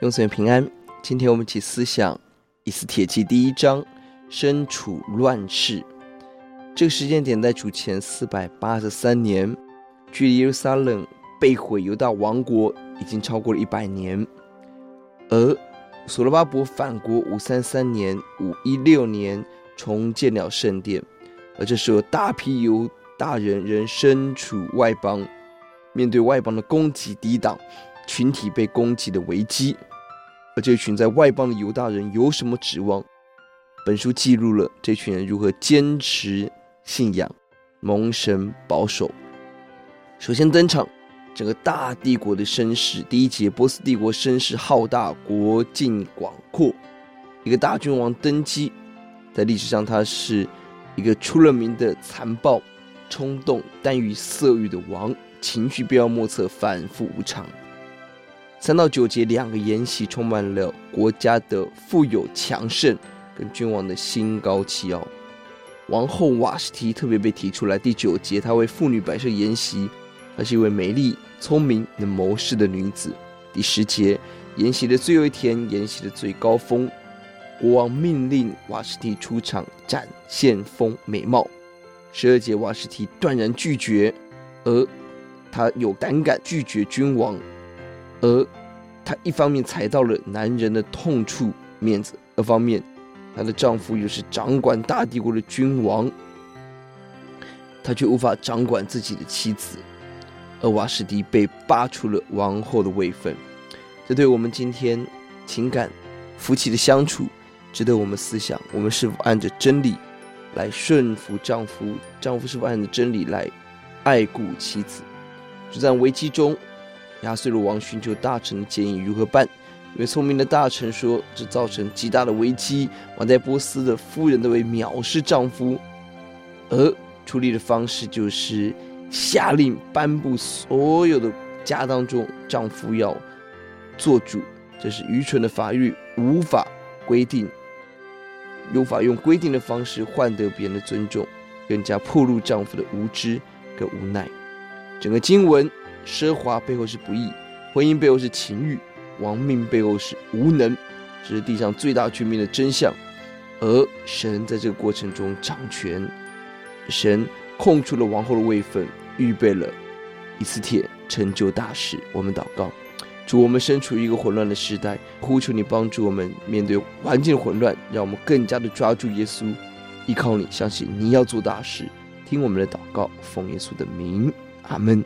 用歲平安，今天我們一起思想《以斯帖記》第一章。身處亂世，這個時間點在主前四百八十三年，距離耶路撒冷被毀，猶大王國已經超過了一百年。而所羅巴伯返國，五三三年，五一六年重建了聖殿，而這時候大批猶大人仍身處外邦，面對外邦的攻擊抵擋。群體被攻擊的危機，而這群在外邦的猶大人有什麼指望？本書記錄了這群人如何堅持信仰、蒙神保守。首先登場，整個大帝國的聲勢。第一節，波斯帝國聲勢浩大，國境廣闊。一個大君王登基，在歷史上他是一個出了名的殘暴、衝動、耽於色慾的王，情緒變化莫測，反覆無常。三到九節，兩個筵席，充滿了國家的富有強盛，跟君王的心高氣傲。王后瓦實提特別被提出來。第九節，她為婦女擺設筵席，她是一位美麗、聰明、能謀事的女子。第十節，筵席的最後一天，筵席的最高峰，國王命令瓦實提出場展現風美貌。十二節，瓦實提斷然拒絕，而他有膽敢拒絕君王。而她一方面踩到了男人的痛處——面子；二方面，她的丈夫又是掌管大帝國的君王，她卻無法掌管自己的妻子。而瓦實提被罷除了王後的位分，這對我們今天情感、夫妻的相處，值得我們思想：我們是否按着真理來順服丈夫？丈夫是否按着真理來愛顧妻子？就在危機中。亞哈隨魯王尋求大臣的建議如何辦？因為聰明的大臣說：“這造成極大的危機，瑪代波斯的婦人都會藐視丈夫。”而處理的方式就是下令頒布所有的家當中，丈夫要做主。這是愚蠢的法律無法規定，無法用規定的方式換得別人的尊重，更加暴露丈夫的無知跟無奈。整個經文。奢華背後是不義，婚姻背後是情慾，王命背後是無能。這是地上最大權柄的真相。而神在這個過程中掌權，神控制了王後的位份，預備了以斯帖，成就大事。我們禱告，主，我們身處一個混亂的時代，呼求你幫助我們面對環境混亂，讓我們更加的抓住耶穌，依靠你，相信你要做大事。聽我們的禱告，奉耶穌的名，阿門。